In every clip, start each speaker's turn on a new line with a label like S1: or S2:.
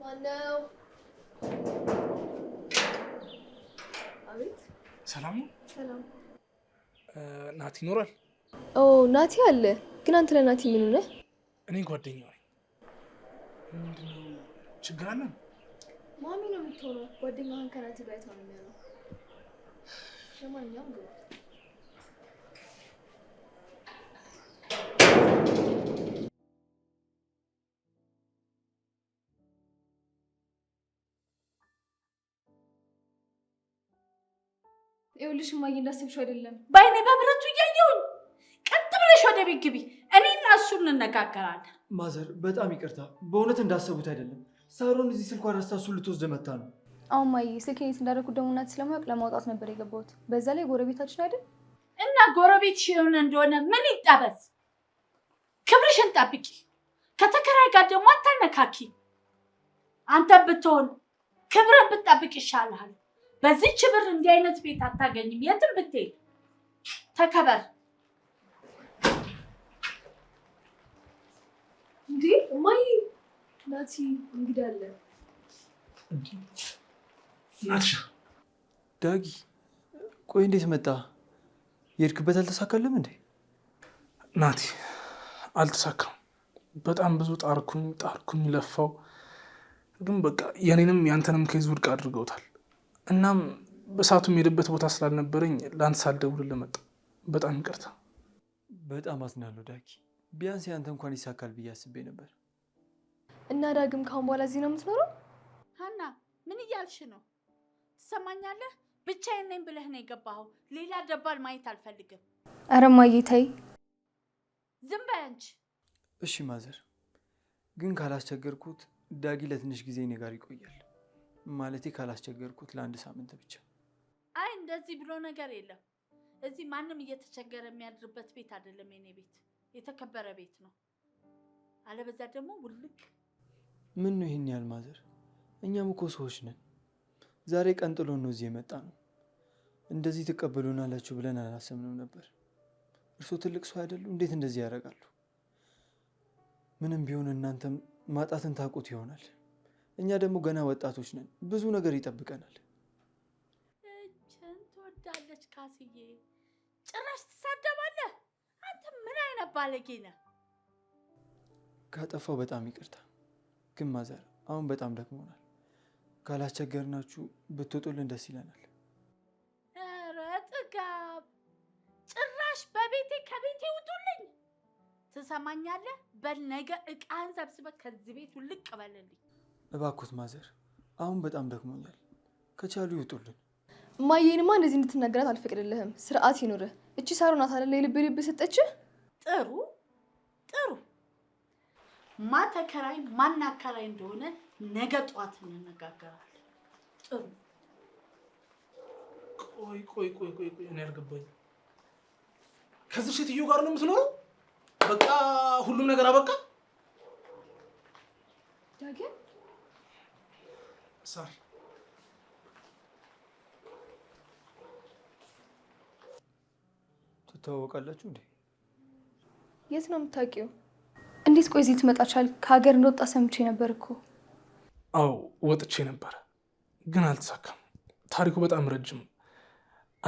S1: ማነው?
S2: ሰላም ነው? ናቲ ይኖራል?
S3: ኦ ናቲ አለ። ግን አንተ ለናቲ ምን ነህ?
S2: እኔ ጓደኛው ነኝ። ምንድነው ችግር አለ?
S3: ማሚ ነው የምትሆነው። ጓደኛህን ከናቲ ጋር ነው የሚሆነው። ለማንኛውም ይኸውልሽ እማዬ እንዳስብሽው አይደለም።
S4: በአይኔ በብረቱ እያየሁኝ ቀጥ ብለሽ ወደ ቤት ግቢ፣ እኔ እና እንነጋገራለን።
S2: ማዘር በጣም ይቅርታ፣ በእውነት እንዳሰቡት አይደለም። ሳሮን እዚህ ስልኳን ረስታ እሱን ልትወስድ መታ ነው።
S3: አሁን እማዬ ስልኬን የት እንዳደረኩት ደግሞ እናት ስለማያውቅ ለማውጣት ነበር የገባሁት። በዛ ላይ ጎረቤታችን አይደል
S4: እና ጎረቤት የሆነ እንደሆነ ምን ይጠበስ። ክብርሽን ጠብቂ፣ ከተከራይ ጋር ደግሞ አታነካኪ። አንተ ብትሆን ክብርን ብትጠብቅ ይሻልሃል። በዚች ብር እንዲህ አይነት ቤት አታገኝም። የትም ብትሄድ ተከበር።
S3: እንዴ እማዬ፣ ናቲ እንግዳ አለ።
S2: ናትሻ፣
S5: ዳጊ፣ ቆይ እንዴት መጣ? የሄድክበት አልተሳካልም እንዴ?
S2: ናቲ፣ አልተሳካም። በጣም ብዙ ጣርኩኝ ጣርኩኝ፣ ለፋው፣ ግን በቃ የኔንም ያንተንም ከይዝ ውድቅ አድርገውታል። እናም በሰዓቱ የሄደበት ቦታ ስላልነበረኝ ለአንተ ሳልደውል ለመጣ በጣም ይቅርታ።
S5: በጣም አዝናለሁ ዳጊ። ቢያንስ ያንተ እንኳን ይሳካል ብዬ አስቤ ነበር።
S3: እና ዳግም ካሁን በኋላ እዚህ ነው የምትኖረው?
S4: ሀና ምን እያልሽ ነው? ትሰማኛለህ? ብቻዬን ነኝ ብለህ ነው የገባኸው። ሌላ ደባል ማየት አልፈልግም።
S3: አረ እማዬ ተይ፣
S4: ዝም በይ አንቺ።
S5: እሺ ማዘር፣ ግን ካላስቸገርኩት ዳጊ ለትንሽ ጊዜ እኔ ጋር ይቆያል። ማለት ካላስቸገርኩት ለአንድ ሳምንት ብቻ።
S4: አይ እንደዚህ ብሎ ነገር የለም። እዚህ ማንም እየተቸገረ የሚያድርበት ቤት አይደለም። የኔ ቤት የተከበረ ቤት ነው። አለበዛ ደግሞ ውልቅ።
S5: ምን ነው ይህን ያህል ማዘር? እኛም እኮ ሰዎች ነን። ዛሬ ቀን ጥሎ ነው እዚህ የመጣ ነው። እንደዚህ ትቀበሉናላችሁ ብለን አላሰብንም ነበር። እርስዎ ትልቅ ሰው አይደሉ? እንዴት እንደዚህ ያደርጋሉ? ምንም ቢሆን እናንተም ማጣትን ታውቁት ይሆናል። እኛ ደግሞ ገና ወጣቶች ነን፣ ብዙ ነገር ይጠብቀናል።
S4: እችን ትወዳለች ካስዬ፣ ጭራሽ ትሳደባለህ። አንተ ምን አይነት ባለጌ ነህ?
S5: ካጠፋው በጣም ይቅርታ። ግን ማዘር፣ አሁን በጣም ደክሞናል። ካላስቸገርናችሁ ብትወጡልን ደስ ይለናል።
S4: ኧረ ጥጋብ! ጭራሽ በቤቴ ከቤቴ ውጡልኝ። ትሰማኛለህ? በል ነገ ዕቃህን ሰብስበህ ከዚህ ቤት ውልቅ በልልኝ።
S5: እባኮት ማዘር፣ አሁን በጣም ደክሞኛል። ከቻሉ ይውጡልን።
S3: እማዬንማ እንደዚህ እንድትናገራት አልፈቅድልህም። ስርዓት ይኑር። እቺ ሳሮን ናት አይደለ የልብ ልብ ሰጠችህ።
S4: ጥሩ ጥሩ። ማ ተከራይ ማን አከራይ እንደሆነ ነገ ጠዋት እንነጋገራለን። ጥሩ።
S2: ቆይ ቆይ ቆይ ቆይ ቆይ፣ እኔ አልገባኝም። ከዚህ ሴትዮ ጋር ነው የምትኖረው? በቃ ሁሉም ነገር አበቃ ዳግም Sar.
S5: ትተዋወቃላችሁ እንዴ?
S3: የት ነው የምታውቂው? እንዴት ቆይ እዚህ ትመጣችል? ከሀገር እንደወጣ ሰምቼ ነበር እኮ።
S2: አዎ ወጥቼ ነበር ግን አልተሳካም። ታሪኩ በጣም ረጅም።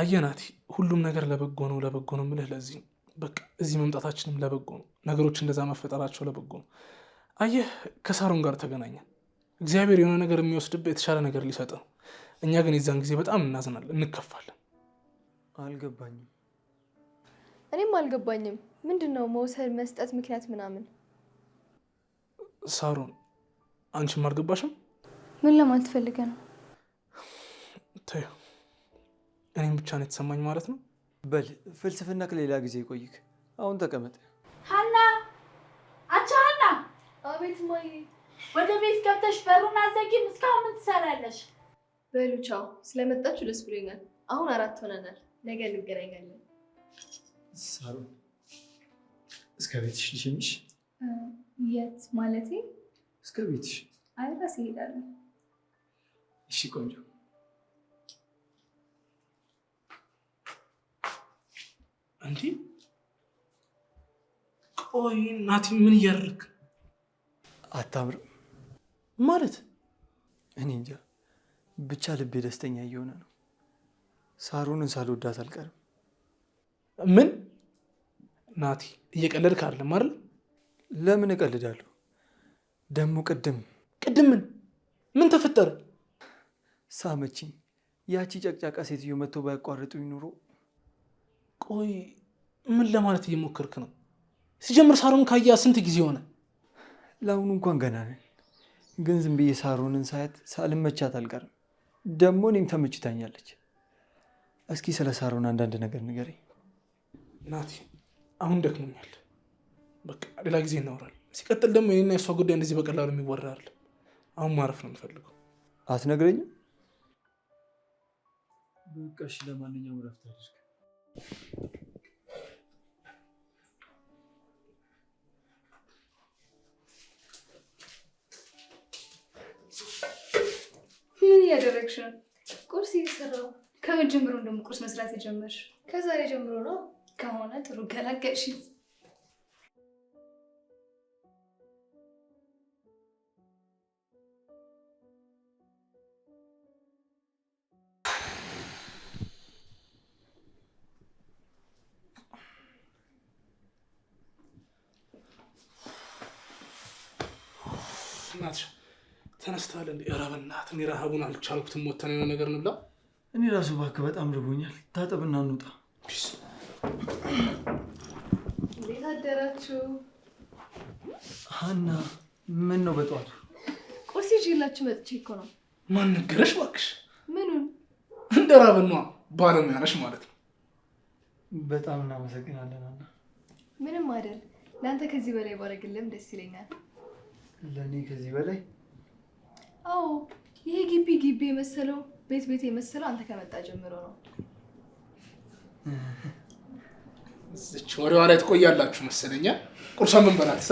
S2: አየናቲ፣ ሁሉም ነገር ለበጎ ነው ለበጎ ነው የምልህ ለዚህ በቃ እዚህ መምጣታችንም ለበጎ ነው። ነገሮች እንደዛ መፈጠራቸው ለበጎ ነው። አየህ፣ ከሳሮን ጋር ተገናኘን። እግዚአብሔር የሆነ ነገር የሚወስድበት የተሻለ ነገር ሊሰጥ ነው። እኛ ግን የዛን ጊዜ በጣም እናዝናለን፣ እንከፋለን።
S5: አልገባኝም።
S3: እኔም አልገባኝም። ምንድን ነው መውሰድ መስጠት ምክንያት ምናምን?
S2: ሳሮን አንቺም አልገባሽም?
S3: ምን ለማለት ፈልገህ ነው?
S2: ተይው፣ እኔም ብቻ ነው የተሰማኝ ማለት ነው።
S5: በል ፍልስፍና ከሌላ ጊዜ ይቆይክ። አሁን ተቀመጥ።
S4: ሀና አንቺ ሀና! አቤት ወደ ቤት ገብተሽ በሩን አዘጊም። እስካሁን ምን ትሰራለሽ?
S3: በሉ ቻው። ስለመጣችሁ ደስ ብሎኛል። አሁን አራት ሆነናል። ነገ እንገናኛለን።
S2: ሳሩ እስከ ቤትሽ ልሸኝሽ።
S3: የት ማለቴ? እስከ ቤትሽ። አይ እራሴ እሄዳለሁ።
S2: እሺ ቆንጆ እንዴ! ቆይ ናቲ ምን እያደረክ አታምርም ማለት
S5: እኔ እንጃ ብቻ ልቤ ደስተኛ እየሆነ ነው። ሳሩንን ሳልወዳት አልቀርም።
S2: ምን ናቲ እየቀለድክ አይደለም አይደል?
S5: ለምን እቀልዳለሁ? ደግሞ ቅድም
S2: ቅድም ምን ምን ተፈጠረ?
S5: ሳመችኝ። ያቺ ጨቅጫቃ ሴትዮ መጥቶ ባያቋርጡኝ ኑሮ።
S2: ቆይ ምን ለማለት እየሞከርክ ነው? ሲጀምር ሳሩን ካያ ስንት ጊዜ ሆነ?
S5: ለአሁኑ እንኳን ገና ነን። ግን ዝም ብዬ ሳሩንን ሳያት ሳልመቻት አልቀርም። ደግሞ እኔም ተመችታኛለች። እስኪ ስለ ሳሩን አንዳንድ ነገር ንገረኝ
S2: ናቲ። አሁን ደክሞኛል። በቃ ሌላ ጊዜ እናወራለን። ሲቀጥል ደግሞ የኔና የሷ ጉዳይ እንደዚህ በቀላሉ የሚወራ አይደለም። አሁን ማረፍ ነው የምፈልገው።
S5: አትነግረኝም? በቃ እሺ፣ ለማንኛውም ረፍት
S3: ምን እያደረግሽ ነው? ቁርስ እየሰራሁ። ከምን ጀምሮ እንደውም ቁርስ መስራት የጀመርሽ? ከዛሬ ጀምሮ ነው። ከሆነ ጥሩ ገላገልሽኝ።
S2: ተነስተዋለን። እንዴ? ኧረ በእናትህ እኔ ረሃቡን አልቻልኩትም። ወተን የሆነ ነገር እንብላ።
S5: እኔ ራሱ እባክህ በጣም ርቦኛል። ታጠብና እንውጣ።
S3: እንዴት አደራችሁ?
S5: ሀና ምን ነው በጠዋቱ
S3: ቁርስ ይዤላችሁ መጥቼ እኮ ነው።
S2: ማን ነገረሽ እባክሽ? ምኑን? እንደ ራብና ባለሙያ ነሽ ማለት ነው።
S5: በጣም እናመሰግናለን ሀና።
S3: ምንም አይደል። ለአንተ ከዚህ በላይ ባረግልም ደስ ይለኛል።
S5: ለእኔ ከዚህ በላይ
S3: አዎ ይሄ ግቢ ግቢ የመሰለው ቤት ቤት የመሰለው አንተ ከመጣ ጀምሮ ነው።
S2: እዚች ወደ ትቆያላችሁ መሰለኛ። ቁርሷን ምን በላት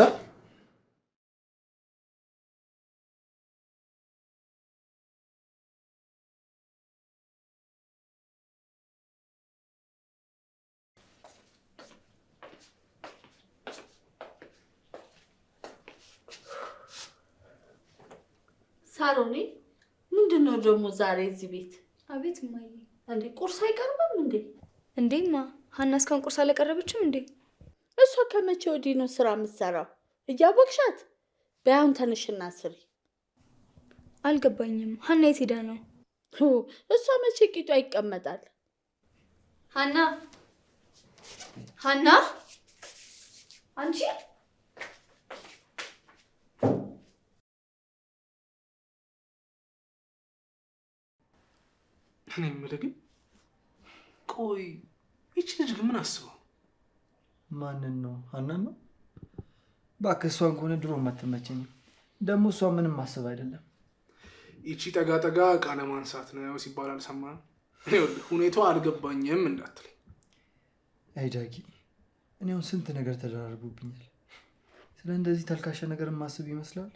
S4: ሳሎኔ ምንድን ነው ደግሞ ዛሬ እዚህ ቤት? አቤት እማዬ። እንዴ ቁርስ አይቀርብም እንዴ?
S3: እንዴማ ሀና እስካሁን ቁርስ አላቀረበችም እንዴ?
S4: እሷ ከመቼ ወዲህ ነው ስራ የምትሰራው? እያቦቅሻት በያሁን ተነሽና ስሪ።
S3: አልገባኝም። ሀና የት ሄዳ ነው?
S4: እሷ መቼ ቂጧ ይቀመጣል? ሀና ሀና አንቺ
S2: እኔ የምልህ ግን ቆይ ይቺ ልጅ ግን ምን አስበው?
S5: ማንን ነው? ሀናን ነው? እባክህ እሷን ከሆነ ድሮ የማትመቸኝ ደግሞ እሷ ምንም ማሰብ አይደለም።
S2: ይቺ ጠጋ ጠጋ እቃ ለማንሳት ነው ሲባል አልሰማህም? ሁኔታው አልገባኝም እንዳትለኝ።
S5: አይ ዳጊ፣ እኔ አሁን ስንት ነገር ተደራርጎብኛል? ስለ እንደዚህ ተልካሻ ነገር ማስብ ይመስላል።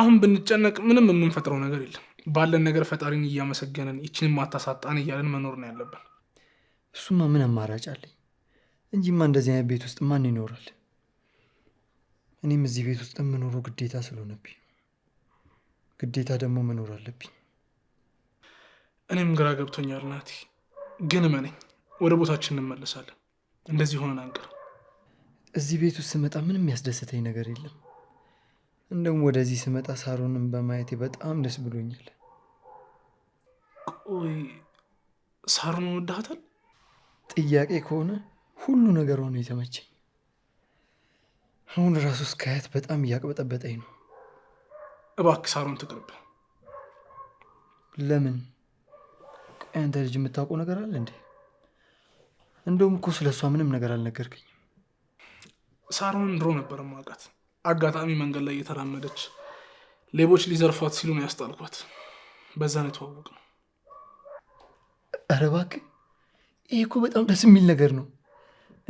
S2: አሁን ብንጨነቅ ምንም የምንፈጥረው ነገር የለም። ባለን ነገር ፈጣሪን እያመሰገንን ይችን ማታሳጣን እያለን መኖር ነው ያለብን።
S5: እሱማ ምን አማራጭ አለኝ እንጂማ እንደዚህ አይነት ቤት ውስጥ ማን ይኖራል? እኔም እዚህ ቤት ውስጥ የምኖረው ግዴታ ስለሆነብኝ ግዴታ ደግሞ መኖር አለብኝ።
S2: እኔም ግራ ገብቶኛል ናቲ፣ ግን መነኝ ወደ ቦታችን እንመለሳለን። እንደዚህ ሆነን አንቀር።
S5: እዚህ ቤት ውስጥ ስመጣ ምንም ያስደሰተኝ ነገር የለም። እንደውም ወደዚህ ስመጣ ሳሮንን በማየቴ በጣም ደስ ብሎኛል።
S2: ቆይ ሳሮን ወዳታል?
S5: ጥያቄ ከሆነ ሁሉ ነገር ሆነ የተመቸኝ። አሁን ራሱ እስካያት በጣም እያቅበጠበጠኝ ነው።
S2: እባክህ ሳሮን ትቅርብ።
S5: ለምን? አንተ ልጅ የምታውቀው ነገር አለ እንዴ? እንደውም እኮ ስለሷ ምንም ነገር አልነገርከኝም።
S2: ሳሮን ድሮ ነበር ማውቃት አጋጣሚ መንገድ ላይ እየተራመደች ሌቦች ሊዘርፏት ሲሉ ነው ያስጣልኳት። የተዋወቅ ነው
S5: የተዋወቅነው። ይህ እኮ በጣም ደስ የሚል ነገር ነው።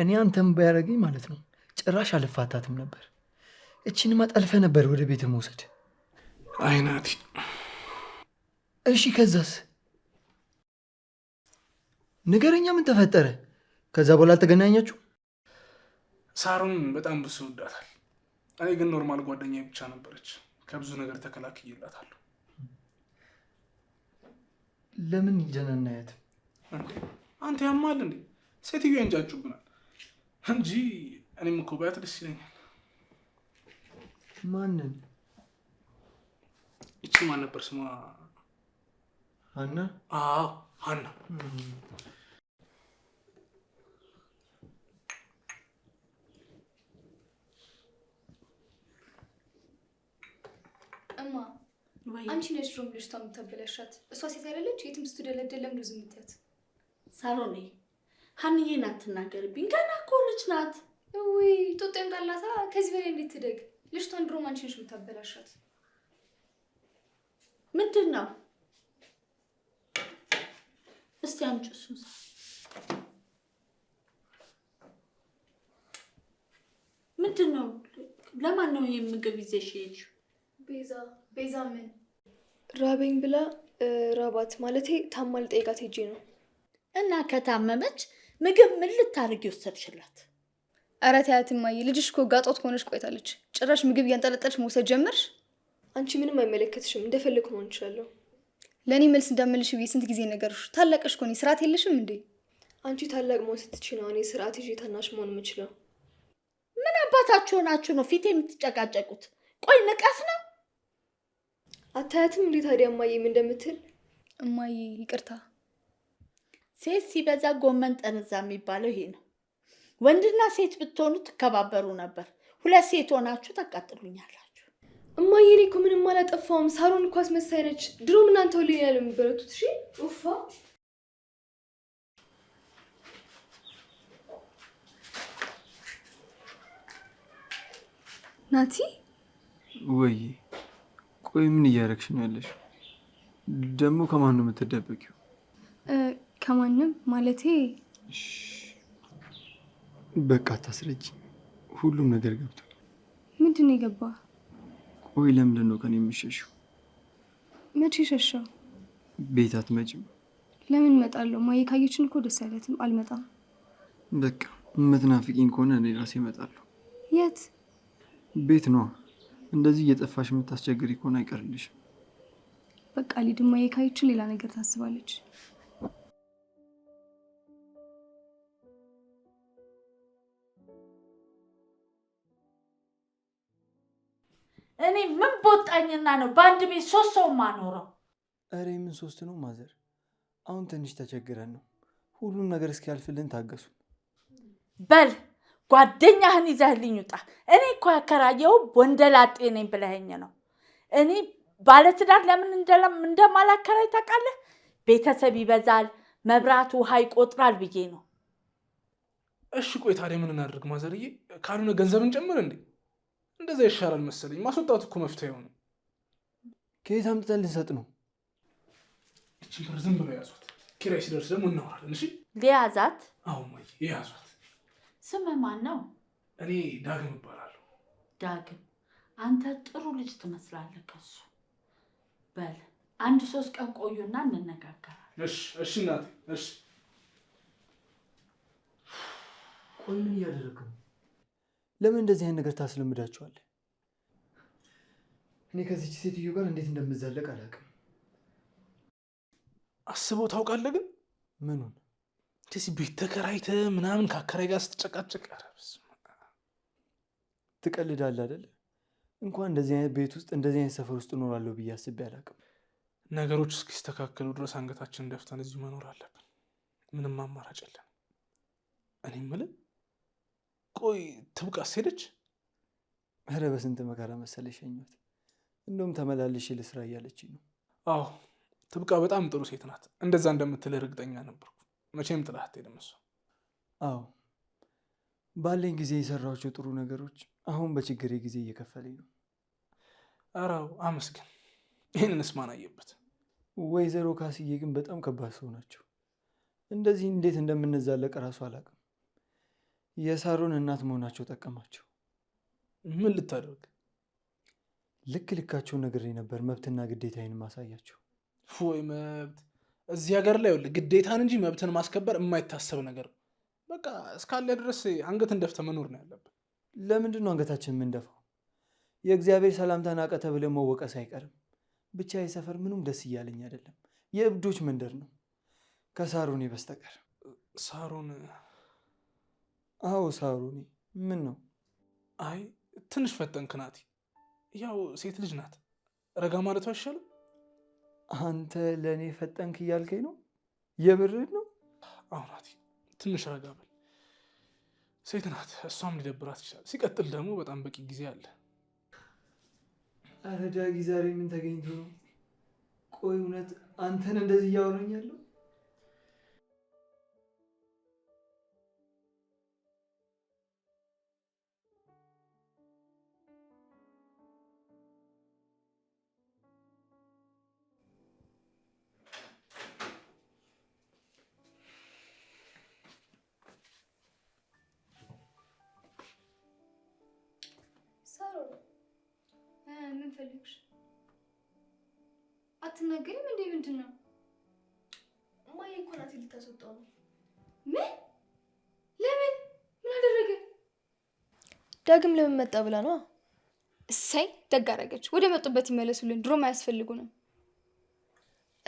S5: እኔ አንተም ባያረገኝ ማለት ነው ጭራሽ አልፋታትም ነበር። እችንማ ጠልፈህ ነበር ወደ ቤት መውሰድ። አይናቲ። እሺ ከዛስ ነገረኛ፣ ምን ተፈጠረ? ከዛ በኋላ አልተገናኛችሁ?
S2: ሳሩን በጣም ብሱ ወዳታል እኔ ግን ኖርማል ጓደኛ ብቻ ነበረች። ከብዙ ነገር ተከላክዬላታለሁ።
S5: ለምን ጀነናየት
S2: አንተ ያማል እንዴ? ሴትዮ እንጃጩብናል? እንጂ እኔም እኮ ባያት ደስ ይለኛል። ማንን? ይቺ ማን ነበር ስሟ? ሀና። አዎ ሀና
S3: እማ አንቺ ነሽ ድሮም ልጅቷን የምታበላሻት። እሷ ሴት አይደለች? የትም ስትደለደል ለምንድን ዝም ብትያት?
S4: ሳሮኔ ሀንዬን አትናገርብኝ። ገና እኮ ልጅ ናት።
S3: ውይ ጦጦ ይምጣላታ። ከዚህ በላይ እንዴት ትደግ? ልጅቷን ድሮም አንቺ ነሽ የምታበላሻት።
S4: ምንድን ነው? እስቲ አምጪው እሱን ሰው። ምንድን ነው? ለማን ነው ይሄን ምግብ ይዘሽ የሄድሽው?
S3: ቤዛ ቤዛ ምን ራበኝ ብላ ራባት ማለቴ ታማ ልጠይቃት ሄጄ ነው።
S4: እና ከታመመች ምግብ ምን ልታደርጊ ወሰድሽላት?
S3: ኧረ ተያት እማዬ፣ ልጅሽ እኮ ጋጦት ሆነች ቆይታለች። ጭራሽ ምግብ እያንጠለጠልሽ መውሰድ ጀመርሽ። አንቺ ምንም አይመለከትሽም፣ እንደፈለግ መሆን እችላለሁ። ለእኔ መልስ እንዳመልሽ ብዬ ስንት ጊዜ ነገርሽ። ታላቀሽ ኮኔ ስርዓት የለሽም እንዴ? አንቺ ታላቅ መሆን ስትች ነው እኔ ስርዓት ይዤ ታናሽ መሆን የምችለው።
S4: ምን አባታችሁ ሆናችሁ ነው ፊት የምትጨቃጨቁት? ቆይ ንቀት ነው
S3: አታያትም እንዴ ታዲያ እማዬም እንደምትል እማዬ ይቅርታ
S4: ሴት ሲበዛ ጎመን ጠረዛ የሚባለው ይሄ ነው። ወንድና ሴት ብትሆኑ ትከባበሩ ነበር። ሁለት ሴት ሆናችሁ ታቃጥሉኛላችሁ።
S3: እማዬ እኔ እኮ ምንም አላጠፋውም ሳሮን እኮ አስመሳይ ነች። ድሮም እናንተ ሁሌ ያለ የሚበረቱት እሺ። ውፋ ናቲ
S5: ወይ ቆይ ምን እያደረግሽ ነው ያለሽ? ደግሞ ከማን ነው የምትደበቂው?
S3: ከማንም ማለቴ
S5: በቃ ታስረጅ። ሁሉም ነገር ገብቷል። ምንድን ነው የገባ? ቆይ ለምንድን ነው ከኔ የምሸሸው?
S3: መቼ ሸሸው?
S5: ቤት አትመጭም?
S3: ለምን እመጣለሁ? ማየ ካየችን እኮ ደስ አይለትም። አልመጣም።
S5: በቃ የምትናፍቂኝ ከሆነ እኔ ራሴ እመጣለሁ። የት ቤት ነዋ እንደዚህ እየጠፋሽ የምታስቸግሪ ከሆነ አይቀርልሽም።
S3: በቃ ሊድማ የካይችን ሌላ ነገር ታስባለች።
S4: እኔ ምን በወጣኝና ነው በአንድ ቤት ሶስት ሰው ማኖረው?
S5: እረ ምን ሶስት ነው ማዘር፣ አሁን ትንሽ ተቸግረን ነው። ሁሉም ነገር እስኪያልፍልን ታገሱ
S4: በል ጓደኛህን ይዘህልኝ ውጣ። እኔ እኮ ያከራየው ወንደላጤ ነኝ ብለኸኝ ነው። እኔ ባለትዳር ለምን እንደማላከራይ ታውቃለህ? ቤተሰብ ይበዛል፣ መብራት ውሃ ይቆጥራል ብዬ ነው።
S2: እሺ ቆይ ታዲያ ምን እናደርግ? ማዘርዬ? ካልሆነ ገንዘብን ጨምር እንዴ? እንደዛ ይሻላል መሰለኝ። ማስወጣቱ እኮ መፍትሄ ሆነ።
S5: ከየት አምጥተን ልንሰጥ ነው?
S2: እችን በር ዝም ብለው ያዟት። ኪራይ ሲደርስ ደግሞ እናወራለን። እሺ ሊያዛት? አዎ የያዟት
S4: ስም ማን ነው?
S2: እኔ ዳግም እባላለሁ።
S4: ዳግም፣ አንተ ጥሩ ልጅ ትመስላለህ ከሱ። በል አንድ ሶስት ቀን ቆዩና እንነጋገራለን።
S2: እሺ፣ እሺ እናቴ፣ እሺ።
S5: ቆይ ምን እያደረግ ነው? ለምን እንደዚህ አይነት ነገር ታስለምዳቸዋለህ? እኔ ከዚች ሴትዮ ጋር እንዴት እንደምዘለቅ አላውቅም።
S2: አስበው ታውቃለህ? ግን ምኑን እንደዚህ ቤት ተከራይተ ምናምን ከአከራይ ጋር ስትጨቃጨቅ
S5: ትቀልዳለህ አይደለ? እንኳን እንደዚህ አይነት ቤት ውስጥ እንደዚህ አይነት ሰፈር ውስጥ እኖራለሁ ብዬ አስቤ አላውቅም።
S2: ነገሮች እስኪስተካከሉ ድረስ አንገታችንን ደፍተን እዚሁ መኖር አለብን። ምንም አማራጭ የለም። እኔ የምልህ ቆይ ትብቃ ሄደች?
S5: ኧረ በስንት መከራ መሰለ ሸኛት። እንደውም ተመላልሽ ልስራ እያለችኝ ነው።
S2: አዎ ትብቃ በጣም ጥሩ ሴት ናት። እንደዛ እንደምትልህ እርግጠኛ ነበር። መቼም ጥላ አትሄድም
S5: አዎ ባለኝ ጊዜ የሰራኋቸው ጥሩ ነገሮች አሁን በችግሬ ጊዜ እየከፈለኝ ነው።
S2: አራው አመስግን። ይህንንስ ማን አየበት?
S5: ወይዘሮ ካስዬ ግን በጣም ከባድ ሰው ናቸው። እንደዚህ እንዴት እንደምንዛለቅ እራሱ አላውቅም። የሳሮን እናት መሆናቸው ጠቀማቸው።
S2: ምን ልታደርግ
S5: ልክ ልካቸው ነግሬ ነበር። መብትና ግዴታዬን ማሳያቸው
S2: ወይ መብት እዚህ ሀገር ላይ ግዴታን እንጂ መብትን ማስከበር የማይታሰብ ነገር ነው። በቃ እስካለ ድረስ አንገትን ደፍተ መኖር ነው ያለብን።
S5: ለምንድን ነው አንገታችን የምንደፋው? የእግዚአብሔር ሰላምታ ናቀ ተብለ መወቀስ አይቀርም። ብቻ የሰፈር ምንም ደስ እያለኝ አይደለም። የእብዶች መንደር ነው ከሳሩኔ በስተቀር። ሳሩን? አዎ ሳሮኔ። ምን ነው?
S2: አይ ትንሽ ፈጠንክ ናቲ። ያው ሴት ልጅ ናት፣ ረጋ ማለቱ አይሻልም?
S5: አንተ ለእኔ ፈጠንክ እያልከኝ ነው? የምርህን ነው?
S2: አውራቲ ትንሽ ረጋ በል። ሴት ናት፣ እሷም ሊደብራት ይችላል። ሲቀጥል ደግሞ በጣም በቂ ጊዜ አለ።
S5: አረ ዳጊ ዛሬ ምን ተገኝቶ ነው? ቆይ እውነት አንተን እንደዚህ እያወራኝ ያለው
S4: አትናገሪም እንዴ? ምንድን ነው እማዬ እኮ ናት ልታስወጣው ነው። ምን? ለምን? ምን አደረገ?
S3: ዳግም ለምን መጣ ብላ ነው። እሰይ ደግ አደረገች። ወደ መጡበት ይመለሱልን። ድሮም አያስፈልጉንም።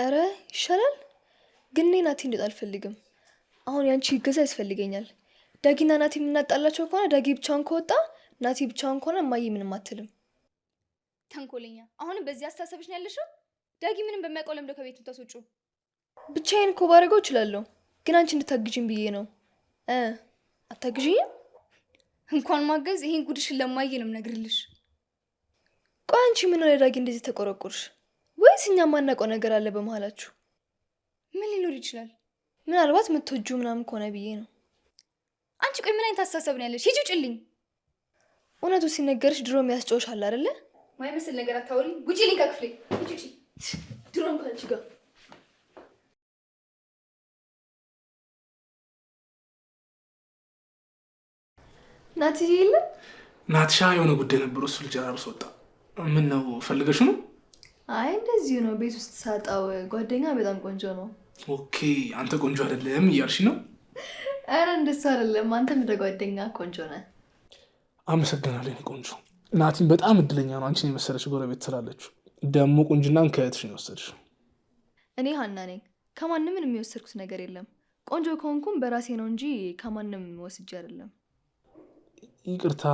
S3: እረ ይሻላል። ግን እኔ ናቲ እንድጣ አልፈልግም። አሁን ያንቺ ይገዛ ያስፈልገኛል። ዳጊና ናቲ የምናጣላቸው ከሆነ ዳጊ ብቻውን ከወጣ ናቲ ብቻውን ከሆነ እማዬ ምንም አትልም። ተንኮለኛ! አሁንም በዚህ አስተሳሰብሽ ነው ያለሽው? ዳጊ ምንም በማያውቀው ለምደው ከቤት ምታስወጩ? ብቻዬን እኮ ባደርገው እችላለሁ፣ ግን አንቺ እንድታግዥኝ ብዬ ነው። አታግዥኝም? እንኳን ማገዝ ይሄን ጉድሽን ለማየ ነው ነግርልሽ። ቆይ አንቺ ምን ነው ዳጊ እንደዚህ ተቆረቆርሽ? ወይስ እኛ የማናውቀው ነገር አለ በመሀላችሁ? ምን ሊኖር ይችላል? ምናልባት ምትወጁ ምናምን ከሆነ ብዬ ነው። አንቺ ቆይ ምን አይነት አስተሳሰብ ነው ያለሽ? ሂጂ ውጭልኝ። እውነቱ ሲነገርሽ ድሮ የሚያስጨውሽ አለ አይደለ? ማይመስል ነገር አታውሪ። ውጭልኝ ከክፍሌ ውጭ ድሮም ከአንቺ ጋር ናትዬ የለም።
S2: ናትሻ የሆነ ጉዳይ ነበር፣ እሱ ልጨራርስ ወጣ። ምን ነው ፈልገሽ ነው?
S3: አይ እንደዚሁ ነው፣ ቤት ውስጥ ሳጣው። ጓደኛ በጣም ቆንጆ ነው።
S2: ኦኬ፣ አንተ ቆንጆ አይደለም እያልሽ ነው?
S3: ኧረ እንደሱ አይደለም፣ አንተም እንደ ጓደኛ ቆንጆ ነህ።
S2: አመሰግናለሁ። ቆንጆ ናቲን በጣም እድለኛ ነው፣ አንቺን የመሰለች ጎረቤት ስላለችው ደሞ ቁንጅናን ከየትሽ ነው የወሰድሽ።
S3: እኔ ሀና ነኝ። ከማንም የሚወሰድኩት ነገር የለም። ቆንጆ ከሆንኩም በራሴ ነው እንጂ ከማንም ወስጄ አይደለም።
S2: ይቅርታ፣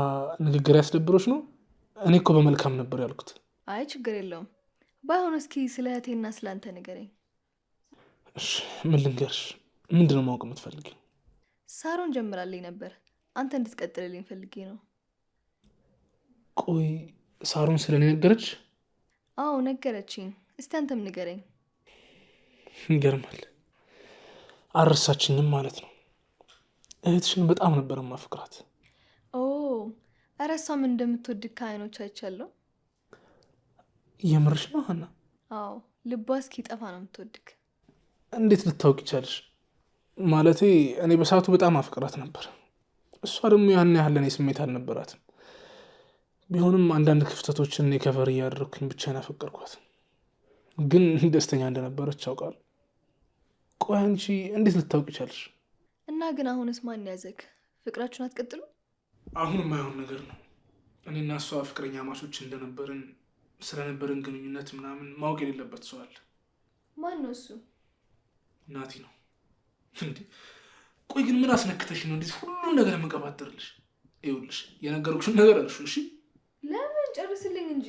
S2: ንግግር ያስደብሮች ነው። እኔ እኮ በመልካም ነበር ያልኩት።
S3: አይ ችግር የለውም። ባይሆን እስኪ ስለ እህቴና ስለ አንተ ንገረኝ።
S2: እሺ፣ ምን ልንገርሽ? ምንድነው ማወቅ የምትፈልጊ?
S3: ሳሮን ጀምራልኝ ነበር፣ አንተ እንድትቀጥልልኝ ፈልጌ ነው።
S2: ቆይ ሳሮን ነገረች
S3: አዎ ነገረችኝ። እስቲ አንተም ንገረኝ።
S2: ይገርማል። አረሳችንም ማለት ነው። እህትሽን በጣም ነበር ማፍቅራት።
S3: ኦ እረሷም እንደምትወድ ከአይኖች አይቻለሁ።
S2: የምርሽ ነው ሀና?
S3: አዎ ልቧ እስኪ ጠፋ ነው የምትወድክ።
S2: እንዴት ልታውቅ ይቻልሽ? ማለቴ እኔ በሰዓቱ በጣም አፍቅራት ነበር፣ እሷ ደግሞ ያን ያህል እኔ ስሜት አልነበራትም። ቢሆንም አንዳንድ ክፍተቶችን እኔ ከቨር እያደረግኩኝ ብቻ አፈቀርኳት። ግን ደስተኛ እንደነበረች ያውቃል። ቆይ አንቺ እንዴት ልታውቅ ይቻልሽ?
S3: እና ግን አሁንስ ማን ያዘክ? ፍቅራችሁን አትቀጥሉ?
S2: አሁን አይሆን ነገር ነው። እኔና እሷ ፍቅረኛ ማቾች እንደነበርን ስለነበርን ግንኙነት ምናምን ማወቅ የሌለበት ሰው አለ። ማን ነው እሱ? ናቲ ነው። ቆይ ግን ምን አስነክተሽ ነው እንዴት ሁሉን ነገር የምንቀባጥርልሽ? ይኸውልሽ የነገርኩሽን ነገር እሺ
S3: ጨርስልኝ እንጂ።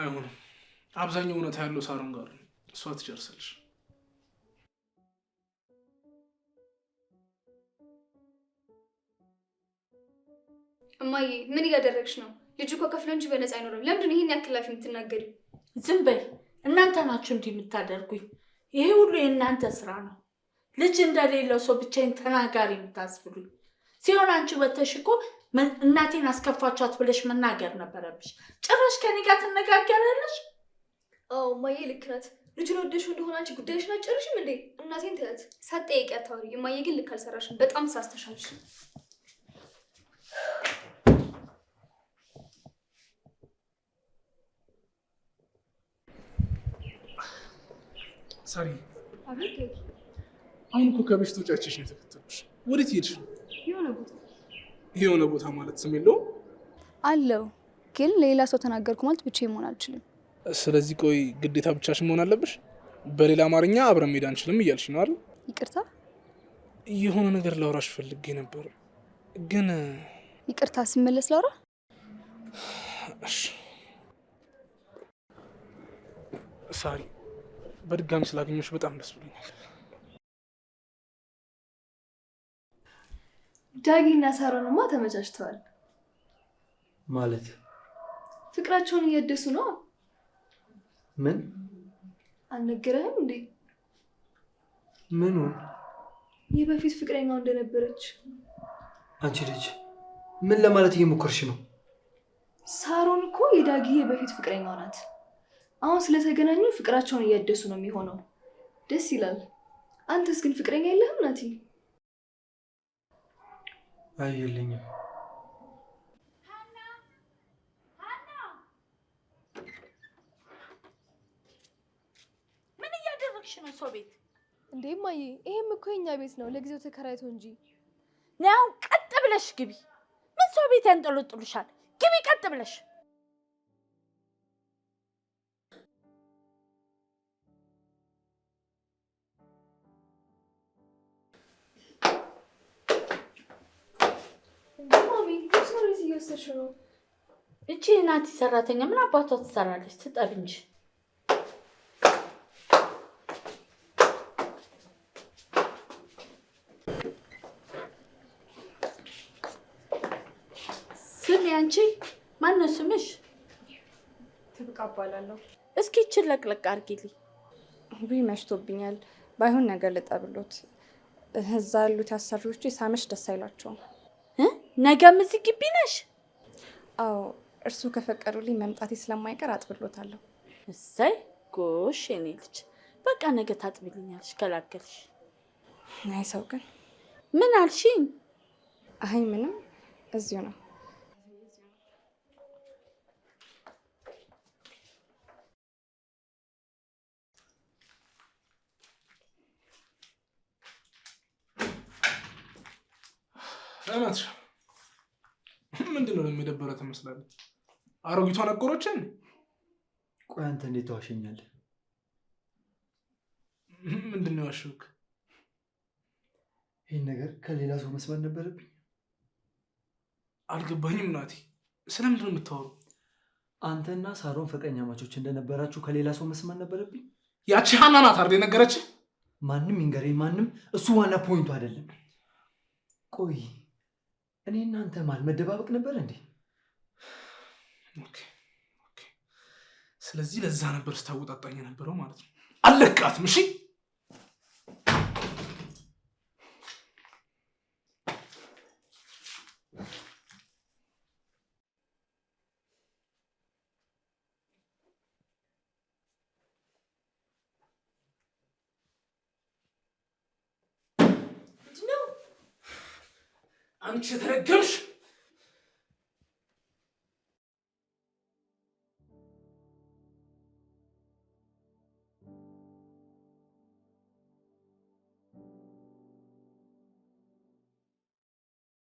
S2: አይሆንም። አብዛኛው እውነታ ያለው ሳሮን ጋር እሷ ትጨርሰልሽ።
S3: እማዬ ምን እያደረግሽ ነው? ልጁ እኮ ከፍሎ እንጂ በነፃ አይኖርም። ለምንድን ይህን ያክል አፍ የምትናገሪ?
S4: ዝም በይ። እናንተ ናችሁ እንዲህ የምታደርጉኝ። ይሄ ሁሉ የእናንተ ስራ ነው። ልጅ እንደሌለው ሰው ብቻዬን ተናጋሪ የምታስብሉኝ ሲሆን አንቺ በተሽኮ እናቴን አስከፋችኋት ብለሽ መናገር ነበረብሽ። ጭራሽ ከኔ ጋር ትነጋገራለሽ።
S3: አዎ እማዬ ልክ ናት። ልጁን ወደድሽው እንደሆነ አንቺ ጉዳይሽን አትጨርሽም እንዴ? እናቴን ትያት ሳትጠይቂ አታወሪ። እማዬ ግን ልክ አልሰራሽም። በጣም ሳስተሻልሽ
S2: ሳሪ አሁን እኮ ከበሽታው ጫጭሽ ነው የተከተሉሽ። ወዴት ሄድሽ ነው? የሆነ ቦታ የሆነ ቦታ ማለት ስም የለውም
S3: አለው። ግን ለሌላ ሰው ተናገርኩ ማለት ብቻ መሆን አልችልም።
S2: ስለዚህ ቆይ ግዴታ ብቻሽን መሆን አለብሽ? በሌላ አማርኛ አብረን መሄድ አንችልም እያልሽ ነው አይደል? ይቅርታ፣ የሆነ ነገር ላውራሽ ፈልጌ ነበር፣ ግን
S3: ይቅርታ፣ ስመለስ ላውራ።
S2: ሳሪ፣ በድጋሚ ስላገኘሽ በጣም ደስ ብሎኛል።
S3: ዳጊና ሳሮንማ ተመቻችተዋል ማለት ፍቅራቸውን እያደሱ ነው። ምን አልነገረህም እንዴ? ምኑን? ይህ በፊት ፍቅረኛው እንደነበረች።
S2: አንቺ ልጅ ምን ለማለት እየሞከርሽ ነው?
S3: ሳሮን እኮ የዳጊ የበፊት ፍቅረኛው ናት። አሁን ስለተገናኙ ፍቅራቸውን እያደሱ ነው የሚሆነው። ደስ ይላል። አንተስ ግን ፍቅረኛ የለህም ናቲ?
S5: አየልኝም
S4: ምን እያደረግሽ ነው ሰው ቤት?
S3: እንዴ እማዬ፣ ይሄም እኮ የኛ ቤት ነው ለጊዜው ተከራይቶ እንጂ።
S4: ያው ቀጥ ብለሽ ግቢ። ምን ሰው ቤት ያንጠለጥሉሻል? ግቢ ቀጥ ብለሽ
S3: እየተናገርሽ
S4: እቺ ናቲ ሰራተኛ ምን አባቷ ትሰራለች? ትጠብ እንጂ ስሚ። አንቺ ማነው ስምሽ?
S3: ትብቃ እባላለሁ።
S4: እስኪ ይችን ለቅለቅ አድርጊልኝ።
S3: ውይ መሽቶብኛል። ባይሆን ነገር ልጠብሎት። እዛ ያሉት አሰሪዎች ሳመሽ ደስ አይሏቸውም።
S4: ነገም እዚህ ግቢ ነሽ?
S3: አዎ እርሱ ከፈቀዱልኝ መምጣቴ ስለማይቀር አጥብሎታለሁ።
S4: እሰይ ጎሽ የኔ ልጅ፣ በቃ ነገ ታጥብልኛለሽ ከላከልሽ። አይ ሰው ግን ምን አልሽኝ?
S3: አይ ምንም፣ እዚሁ ነው።
S2: ምንድነው ነው የሚደበረ ትመስላለች። አሮጊቷ ነቆሮችን።
S5: ቆይ አንተ እንዴት ተዋሸኛለህ?
S2: ምንድነው ነው
S5: ይህን ነገር ከሌላ ሰው መስማት ነበረብኝ።
S2: አልገባኝም ናቲ፣ ስለምንድን ነው የምታወሩ?
S5: አንተና ሳሮን ፈቀኛ ማቾች እንደነበራችሁ ከሌላ ሰው መስማት ነበረብኝ።
S2: ያቺ ሀና ናት አርዴ የነገረችህ?
S5: ማንም ይንገረኝ ማንም፣ እሱ ዋና ፖይንቱ አይደለም። ቆይ እኔ እናንተ ማል መደባበቅ ነበር እንዴ?
S2: ስለዚህ ለዛ ነበር ስታወጣጣኝ የነበረው ማለት ነው። አለቃትም። እሺ አንቺ የተረገምሽ